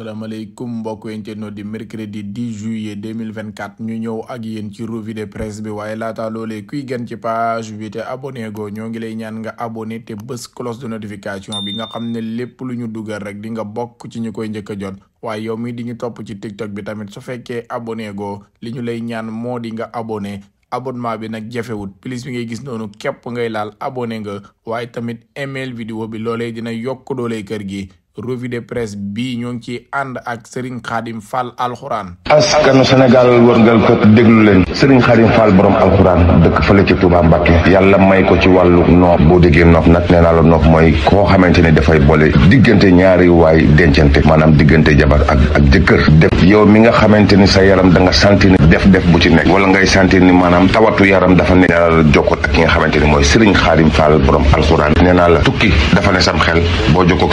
salaamaaleykum mbokk internet di mercredi 10 juillet 2024 ñu ñëw ak yéen ci revue de presse bi waaye laata loolee kuy gën ci page bi te abonné go ñoo ngi lay ñaan nga abonné te bës cloche de notification bi nga xam ne lépp lu ñu dugal rek di nga bokk ci ñu koy njëkk a jot waaye yow mi di ñu topp ci tiktok bi tamit su fekkee abonné go li ñu lay ñaan moo di nga abonné abonnement bi nag jafewut plus bi ngay gis noonu képp ngay laal abonné nga waaye tamit email vidéo bi loolee dina yokk kër gi. revue de presse bi ñoo ngi ciy ànd ak Serigne Khadim Fall alxuraan. askanu Sénégal wërngal këpp déglu leen. Serigne Khadim Fall borom alxuraan dëkk fële ci Touba Mbacke. yàlla may ko ci wàllu noof boo déggee noof nag nee naa la noof mooy koo xamante ni dafay boole diggante ñaari waay dencante maanaam diggante jabar ak ak jëkkër. def yow mi nga xamante ni sa yaram da nga santi ni def def bu ci nekk wala ngay santi ni maanaam tawatu yaram dafa ne. nee naa ak ki nga xamante ni mooy Serigne Khadim Fall borom alxuraan nee naa la tukki dafa ne sam xel boo jokkoo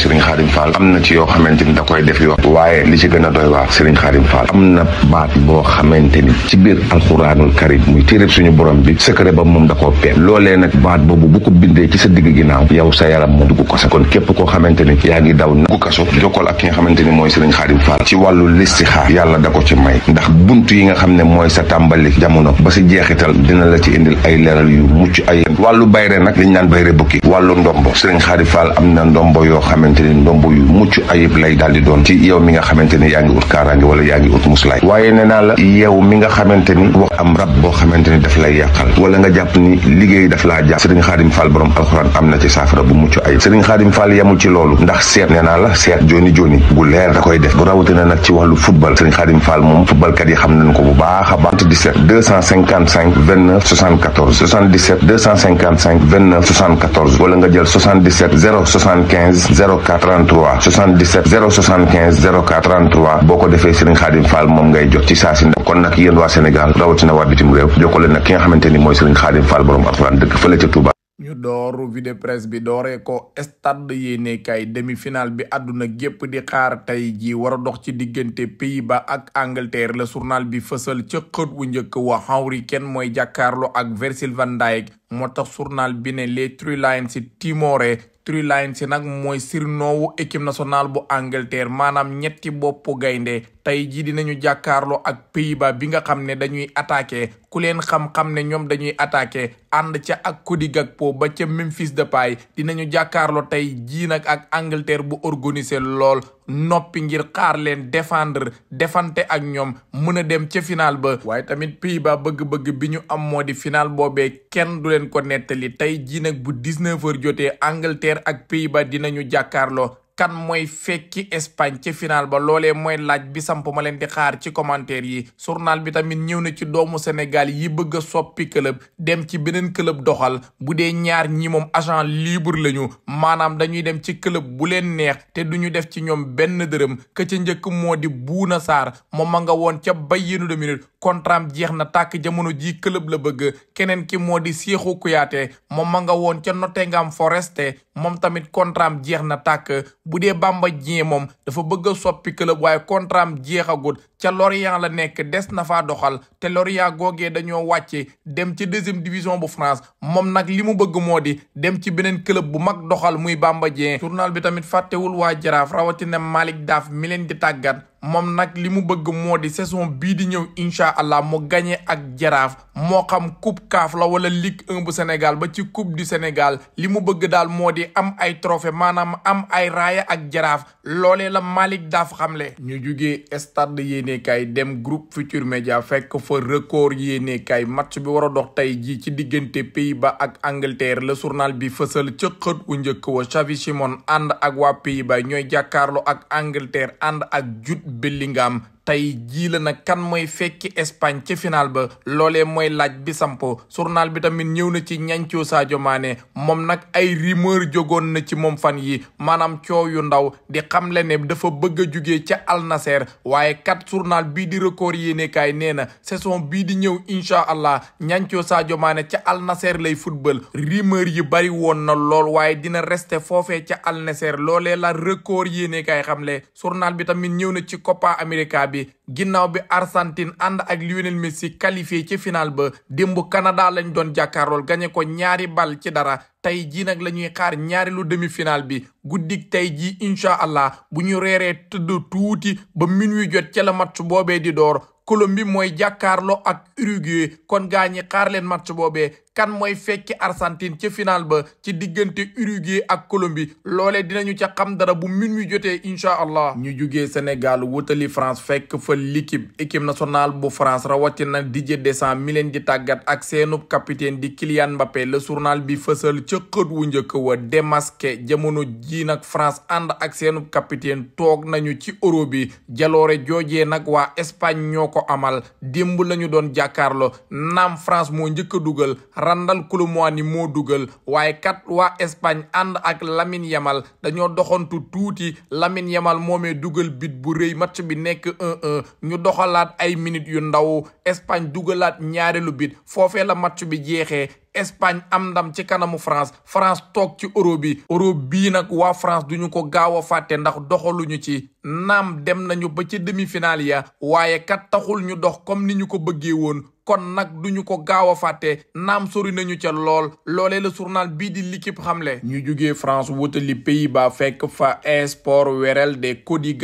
Serigne Khadim Fall am na ci yoo xamante ni da koy def yoo waaye li ci gën a doy waar Serigne Khadim Fall am na baat boo xamante ni ci biir moom da koo peep loolee nag baat boobu bu ko ci sa digg ginnaaw yow sa yaram moom dugg koo xamante ni yaa ngi daw xamante ni mooy Serigne Khadim Fall ci wàllu listixaar yàlla ko ci may ndax buntu yi xam ne mooy sa tàmbali jamono ba si jeexital dina la ci indil ay leeral yu mucc ay wàllu bayre nag liñ naan bayre bukki wàllu ndombo Serigne Khadim Fall am na ndombo yoo xam xamante ni ndomb yu mucc ayib lay daal di doon ci yow mi nga xamante ni yaa ngi ut kaaraange wala yaa ngi ut muslaay waaye nee la yow mi nga xamante wax am rab boo xamante daf lay yàqal wala nga jàpp ni liggéey daf laa jàpp sëriñ xaadim fall borom alxuraan am na ci saafara bu mucc ayib sëriñ xaadim fall yamul ci loolu ndax seet nee la seet joni joni bu leer da koy def bu rawatina nag ci wàllu football sëriñ xaadim fall moom footballkat yi xam nañ ko a baax 17 255 29 74 77 0433 77 075 0433 boo ko defee Serigne Khadim Fall moom ngay jot ci saa si kon nag yéen waa Sénégal rawatina waa bitim réew jokkoo leen nag ki nga xamante ni mooy Serigne Khadim Fall borom alxuraan dëkk fële ca Touba. ñu dooree ko stade yéenekaay demi final bi àdduna gépp di xaar tey ji war a dox ci diggante pays ba ak Angleterre la surnal bi fësal ca xët wu njëkk wa Henry Kane mooy jàkkaarloo ak Virgil van Dijk moo tax journal bi ne les Three Lions ci Timoré Three Lions yi nag mooy sirnoowu équipe nationale bu Angleterre maanaam ñetti boppu gaynde tey jii dinañu jàkkaarloo ak Pays-Bas bi nga xam ne dañuy attaqué ku leen xam ne ñoom dañuy attaqué ànd ca ak Cody po ba ca de Depay dinañu jàkkaarloo tey jii nag ak Angleterre bu organisé lool noppi ngir xaar leen défendre défante ak ñoom mën a dem ca final ba waaye tamit Pays-Bas bëgg-bëgg bi ñu am moo di final boobee kenn du leen ko nettali tey jii nag bu 19 heures jotee Angleterre ak Pays-Bas dinañu jàkkaarloo kan mooy fekki Espagne ci final ba loole mooy laaj bi samp ma leen di xaar ci commentaire yi journal bi tamit ñëw na ci doomu Sénégal yi bëgg a soppi club dem ci beneen club doxal bu dee ñaar ñi moom agent libre lañu maanaam dañuy dem ci club bu leen neex te duñu def ci ñoom benn dërëm ka ca njëkk moo di Bouna saar moom ma nga woon ca Bayern de Munich contrat jeex na tàkk jamono ji club la bëgg keneen ki moo di Cheikhou Kouyaté moom ma nga woon ca Nottingham Forest moom tamit contrat jeex na tàkk bu dee Bamba Dieng moom dafa bëgg soppi club waaye contrat am jeexagut ca lorian la nekk des na faa doxal te Lorient googee dañoo wàcce dem ci deuxième division bu France moom nag li mu bëgg moo di dem ci beneen club bu mag doxal muy Bamba Dieng journal bi tamit fàttewul waa Jaraaf rawatina Malick Daaf mi leen di tàggat moom nag li mu bëgg moo di saison bii di ñëw incha allah mu gagné ak jaraaf moo xam coupe CAF la wala ligue 1 bu Sénégal ba ci coupe du Sénégal li mu bëgg daal moo di am ay trophée maanaam am ay raaya ak jaraaf loole la Malick Daaf le ñu jugee stade yéenekaay dem groupe Futur Media fekk fa record yéenekaay match bi war a dox tey jii ci diggante pays ba ak Angleterre la journal bi fësal cë xët wu njëkk wa Xavi Simons ànd ak waa Pays-Bas ñooy jàkkaarloo ak Angleterre ànd ak jut Bellingham tey jii la nag kan mooy fekki Espagne ci final ba loolee mooy laaj bi sampo journal bi tamit ñëw na ci ñancoo Sadio maane moom nag ay rumeur jógoon na ci moom fan yi maanaam coow yu ndaw di xam le ne dafa bëgg a jugee ca Al Nassr waaye kat journal bii di record yéenekaay nee na saison bii di ñëw incha allah ñancoo Sadio maane ca Al Nassr lay football rumeur yi bari woon na lool waaye dina rester foofee ca Al Nassr loolee la record xam xamle journal bi tamit ñëw na ci Copa bi ginnaaw bi Argentine ànd ak Lionel Messi qualifié ci final ba démb Canada lañ doon jàkkaarlool gagné ko ñaari bal ci dara tey jii nag la ñuy xaar ñaari lu demi final bi guddik tey jii incha allah bu ñu reeree tëdd tuuti ba minuit jot ca la match boobee di door Colombie mooy jàkkaarloo ak Uruguay kon gaa ñi xaar leen match boobee kan mooy fekke Argentine ci final ba ci diggante Uruguay ak Colombie loolee dinañu ca xam dara bu min wi jotee incha allah ñu jugee Sénégal wutali France fekk fa l'équipe équipe nationale bu France rawatina di Deschamps mi leen di tàggat ak seenub capitaine di Kylian Mbappé le journal bi fësal ca wu njëkk wa démasqué jamono ji nag France ànd ak seenub capitaine toog nañu ci euro bi jaloore joojee nag waa Espagne ñoo ko amal démb lañu doon jàkkaarloo naam France moo njëkk a dugal Randal Colomwani moo dugal waaye kat waa Espagne ànd ak Lamine Yamal dañoo doxantu tuuti Lamine Yamal moomee dugal bit bu rëy match bi nekk 1-1 ñu doxalaat ay minutes yu ndaw Espagne dugalaat ñaareelu bit foofee la match bi jeexee Espagne am ndam ci kanamu France France toog ci euro bi euro bii nag waa France duñu ko gaaw a fàtte ndax doxaluñu ci naam dem nañu ba ci demi-finale ya waaye kat taxul ñu dox comme ni ñu ko bëggee woon kon nag duñu ko gaaw a fàtte naam sori nañu ca lool loolee la surnal bii di l'équipe xamle ñu jugee France wutali Pays-Bas fekk fa esport werel de Cody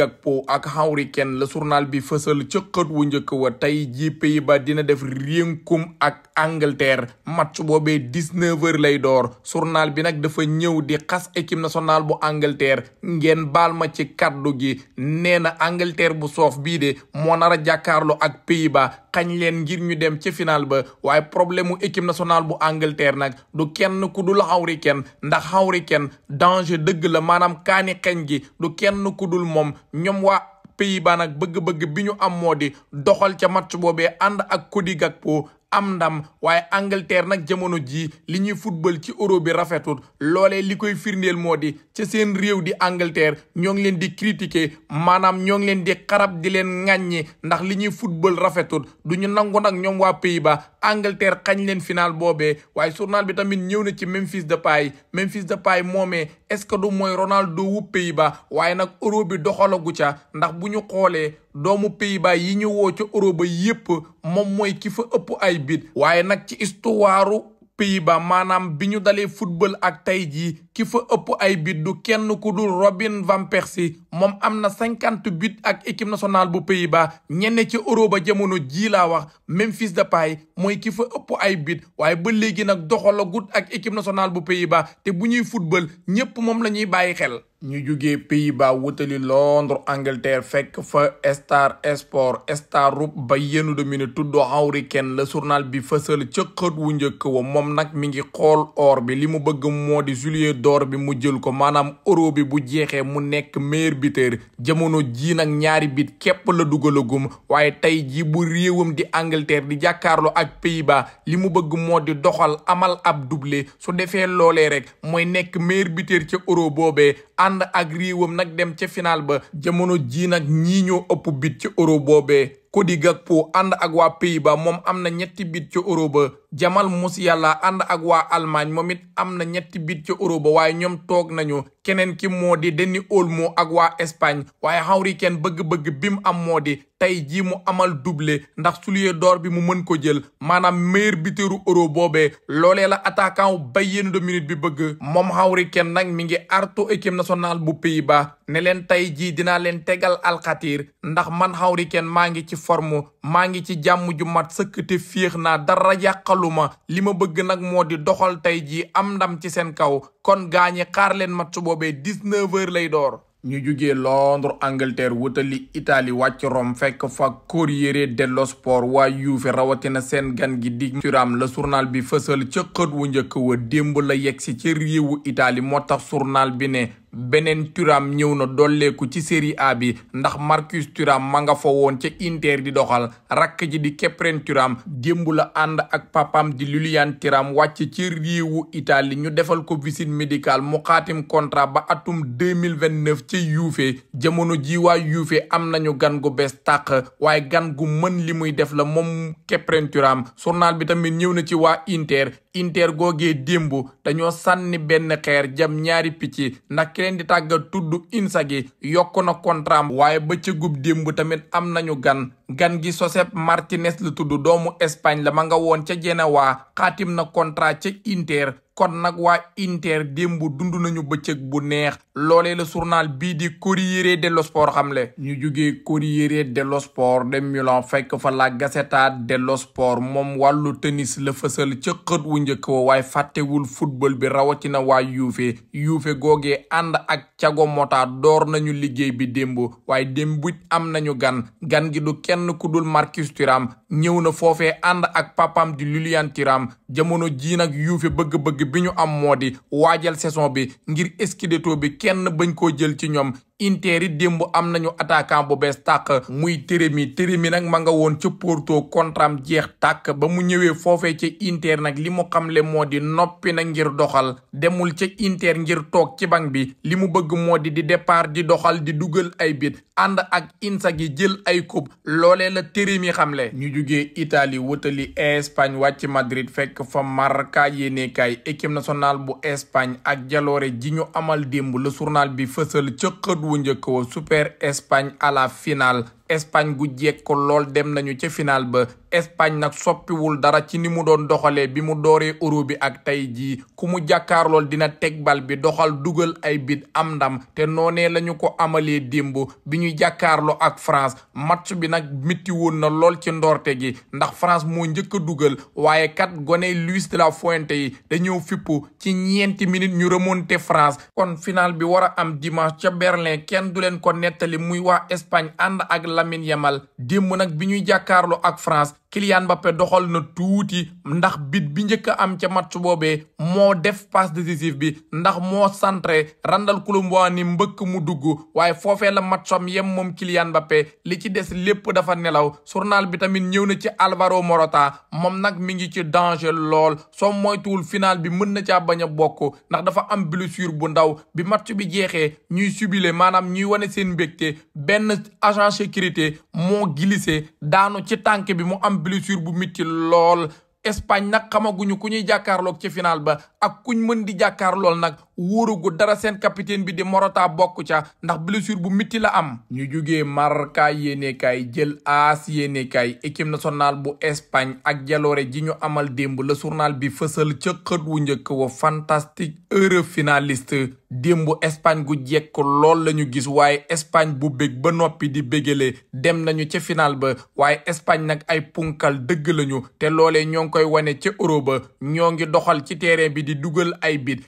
ak Harry la journal bi fësal ca xët njëkk wa tey ji Pays-Bas dina def réenkum ak Angleterre match boobee dix-neuf heures lay door journal bi nag dafa ñëw di xas équipe nationale bu Angleterre ngeen baal ma ci kaddu gi nee na Angleterre bu soof bii de moo nar a jàkkaarloo ak Pays-Bas leen ngir ñu dem dem ci final ba waaye problème mu équipe nationale bu Angleterre nag du kenn ku dul Harry Kane ndax Harry Kane danger dëgg la maanaam kaani xeñ gi du kenn ku dul moom ñoom waa Pays-Bas nag bëgg-bëgg bi ñu am moo di doxal ca match boobee ànd ak Cody Gakpo am ndam waaye Angleterre nag jamono jii li ñuy football ci euro bi rafetul loolee li koy firndeel moo di ci seen réew di Angleterre ñoo ngi leen di critiquer maanaam ñoo ngi leen di xarab di leen ŋàññi ndax li ñuy football rafetul du ñu nangu nag ñoom waa Pays-Bas Angleterre xañ leen final boobee waaye journal bi tamit ñëw na ci Memphis Depay Memphis Depay moomee est-ce que du mooy Ronaldo wu Pays-Bas waaye nag euro bi doxalagu ca ndax bu ñu xoolee doomu Pays-Bas yi ñu woo ca euro ba yépp moom mooy ki fa ëpp ay bit waaye nag ci histoire Pays-Bas maanaam bi ñu dalee football ak tey jii ki fa ëpp ay bit du kenn ku dul Robin van Persie moom am na cinquante but ak équipe nationale bu Pays-Bas ñenn ci euro ba jamono jii laa wax Memphis Depay mooy ki fa ëpp ay bit waaye ba léegi nag doxalagut ak équipe national bu Pays-Bas te bu ñuy football ñépp moom la ñuy bàyyi xel ñu jugee Pays-Bas wutali Londres Angleterre fekk fa Star Sport Staroup ba yenu de mi ne tuddoo Harry la journal bi fësal ca xët wu njëkk wa moom nag mi ngi xool or bi li mu bëgg moo di Juillet d'or bi mu jël ko maanaam euro bi bu jeexee mu nekk meilleur buteur jamono jii nag ñaari bit képp la dugalagum waaye tey jii bu réewam di Angleterre di jàkkaarloo ak Pays-Bas li mu bëgg moo di doxal amal ab doublé su defee loolee rek mooy nekk meilleur buteur ci euro boobee ànd ak réewam nag dem ca final ba jamono ji nag ñii ñoo ëpp bit ci euro boobee Cody Gakpo ànd ak waa Pays-Bas moom am na ñetti bit ca euro ba Jamal Musiala ànd ak waa Allemagne moom it am na ñetti bit ca euro ba waaye ñoom toog nañu keneen ki moo di Dani Olmo ak waa Espagne waaye Harry Kane bëgg-bëgg bi mu am moo di tey jii mu amal doublé ndax soulier d'or bi mu mën ko jël maanaam meilleur buteuru euro boobee loolee la attaquant Bayern de Munich bi bëgg mom Harry Kane nag mi ngi artu équipe nationale bu Pays-Bas ne leen tey jii dinaa leen tegal alxatir ndax man Harry Kane maa forme maa ngi ci jàmm ju mat sëkk te naa dara yàqaluma li ma bëgg nag moo di doxal tey ji am ndam ci seen kaw kon gaañi xaar leen mat su boobee 19h lay door. ñu juge Londres Angleterre wutali Italie wàcc Rome fekk fa Corriere dello Sport waa Juve rawatina seen gan gi di Thuram la journal bi fësal ca wu njëkk wa démb la yegsi ci réewu itali moo tax journal bi ne. beneen Thuram ñëw na dolleeku ci Serie A bi ndax Marcus turam ma nga fa woon ca Inter di doxal rakk ji di Kepren Thuram démb la ànd ak papam di Lilian Thuram wàcc ci réewu Italie ñu defal ko visite médicale mu xaatim contrat ba atum deux mille vingt neuf ci Juve jamono ji waa Juve am nañu gan gu bees tàq waaye gan gu mën li muy def la moom Kepren Thuram journal bi tamit ñëw na ci waa Inter inter googee démb dañoo sànni benn xeer jam ñaari picc ndax keneen di tàggat tudd insa gi yokk na kontraam waaye ba ca gub démb tamit am nañu gan gan gi Josep Martínez lu tudd doomu Espagne la ma nga woon ca Genoa xaatim na contrat ca Inter kon nag waa Inter démb dund nañu bëccëg bu neex loole la journal bii di Corriere dello Sport xamle ñu jugee Corriere dello Sport de Milan fa la gaseta dello Sport moom wàllu tennis la fësal ca wu njëkk wa waaye fàttewul football bi rawatina waa Juve Juve googe ànd ak Thiago Motta door nañu liggéey bi démb waaye démb am nañu gan kenn ku dul Marcus Thuram ñëw na foofee ànd ak papam di Lilian Thuram jamono jii nag Juve bëgg-bëgg bi ñu am moo di waajal saison bi ngir scudetto bi kenn bañ koo jël ci ñoom Inter yi démb am nañu attaquant bu bees tàq muy Teremi Teremi nag ma nga woon ca Porto contram jeex tàkk ba mu ñëwee foofee ca Inter nag li mu xamle moo di noppi na ngir doxal demul ca Inter ngir toog ci banc bi li mu bëgg moo di di départ di doxal di dugal ay bit ànd ak Inzaghi jël ay coupe loolee la Teremi xamle ñu jugee Italie wëtali Espagne wàcc Madrid fekk fa Marca yéenekaay équipe nationale bu Espagne ak jaloore ji ñu amal démb la surnal bi wu njëkk wa Super Espagne à la finale Espagne gu jeeg lool dem nañu ca final ba Espagne nag soppiwul dara ci ni mu doon doxalee bi mu dooree euro bi ak tey jii ku mu jàkkaarlool dina teg bal bi doxal dugal ay bit am ndam te noonee lañu ko amalee dimbo bi ñuy jàkkaarloo ak France match bi nag métti na lool ci ndorte ji ndax France moo njëkk a dugal waaye kat gone Luis de la Fuente yi dañoo fippu ci ñeenti minutes ñu remonté France kon final bi war a am dimanche ca Berlin kenn du leen ko nettali muy waa Espagne ànd ak Lamine Yamal démb nag bi ñuy jàkkaarloo ak France Kylian Mbappé doxal na tuuti ndax bit bi njëkk a am ca match boobee moo def passe décisive bi ndax moo centré Randal ni mbëkk mu dugg waaye foofee la matcham yem moom Kylian Mbappé li ci des lépp dafa nelaw journal bi tamit ñëw na ci Alvaro Morata moom nag mi ngi ci danger lool soo moytuwul final bi mën na caa bañ a bokk ndax dafa am blessure bu ndaw bi match bi jeexee ñuy subile maanaam ñuy wane seen mbégte benn agent sécurité moo glissé bi mu am am blessure bu metti lool Espagne nag xamaguñu ku ñuy jàkkaarloog ci final ba ak kuñ mën di jàkkaarlool nag wóorugu dara seen capitaine bi di morota bokk ca ndax blessure bu mitti la am ñu jóge Marca yéenekaay jël AS yéenekaay équipe nationale bu Espagne ak jaloore ji ñu amal démb la journal bi fësal ca xët wu njëkk wa fantastique heure finaliste démb Espagne gu jekk lool la ñu gis waaye Espagne bu bég ba noppi di bégale dem nañu ca final ba waaye Espagne nag ay punkal dëgg lañu te loole ñoo ngi koy wane ca Euro ba ñoo ngi doxal ci terrain bi di dugal ay bit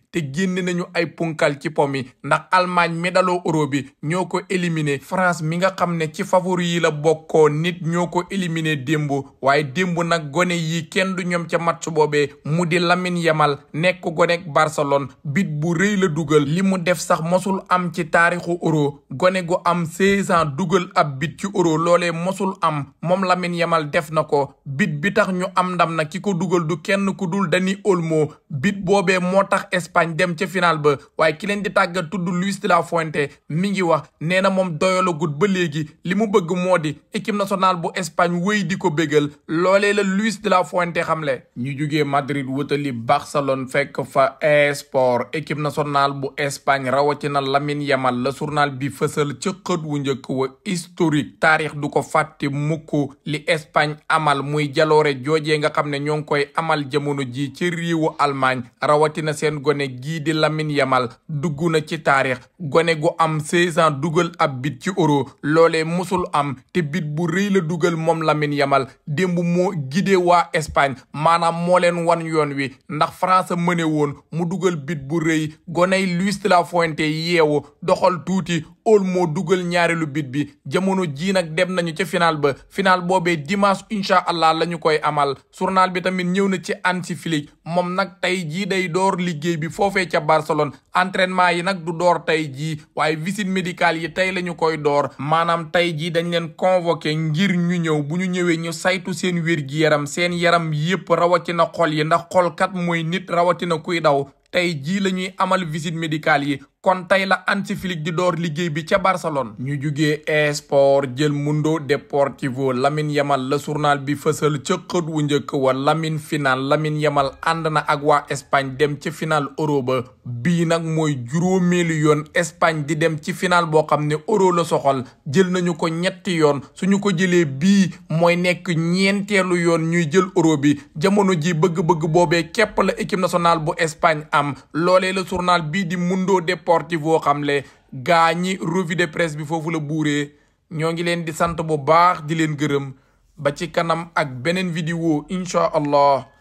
nañu ay punkal ci po mi ndax Allemagne mi daloo euro bi ñoo ko éliminé France mi nga xam ne ci favori yi la bokkoo nit ñoo ko éliminé démb waaye démb nag gone yi kenn du ñoom ca match boobee mu di Lamine Yamal nekk gonek Barcelone bit bu rëy la dugal li mu def sax mosul am ci taarixu euro gone gu am seize ans dugal ab bit ci euro loolee mosul am moom Lamine Yamal def na ko bit bi tax ñu am ndam na ki ko dugal du kenn ku dul Dani Olmo bit boobee moo tax Espagne dem ca final national ba waaye ki leen di tàggat tudd Luis de la Fuente mi ngi wax nee na moom doyalagut ba léegi li mu bëgg moo di équipe nationale bu Espagne wéy di ko bégal loolee la Luis de la Fuente xamle. ñu jugee Madrid wutali Barcelone fekk fa esport équipe nationale bu Espagne rawatina lamin Yamal la journal bi fësal ci xët wu njëkk wa historique taarix du ko fàtte mukk li Espagne amal muy jaloore joojee nga xam ne ñoo ngi koy amal jamono ji ci rawatina seen gone gii di Lamine Yamal dugg na ci taarix gone gu am 16 ans dugal ab bit ci euro loolee musul am te bit bu rëy dugal moom Lamine Yamal démb moo gidee waa Espagne maanaam moo leen wan yoon wi ndax France mëne woon mu dugal bit bu rëy gone Luis de la Fuente yeewu doxal tuuti óol moo dugal ñaareelu bit bi jamono ji nag dem nañu ca final ba final boobee dimanche incha allah lañu koy amal journal bi tamit ñëw na ci Hansi Flick moom nag tey jii day door liggéey bi foofee ca Barcelone entraînement yi nag du door tey jii waaye visite médicale yi tey la ñu koy door maanaam tey jii dañ leen convoqué ngir ñu ñëw bu ñu ñëwee ñu saytu seen wér gi yaram seen yaram yépp rawatina xool yi ndax xol kat mooy nit rawatina kuy daw tey jii la amal visite médicale yi kon tey la Hansi Flick di door liggéey bi ca Barcelone ñu jugee esport jël Mundo Deportivo Lamine Yamal la journal bi fësal ca wu njëkk wa Lamine final Lamine Yamal ànd na ak waa Espagne dem ci final euro ba bii nag mooy juróomeelu yoon Espagne di dem ci final boo xam ne euro la soxol jël nañu ko ñetti yoon suñu ko jëlee bi mooy nekk ñeenteelu yoon ñuy jël euro bi jamono ji bëgg-bëgg boobee képp la équipe nationale bu Espagne am loolee la bi di Mundo Deportivo sportif boo xam ne gaa ñi revue de presse bi foofu la buuree ñoo ngi leen di sant bu baax di leen gërëm ba ci kanam ak beneen vidéo incha allah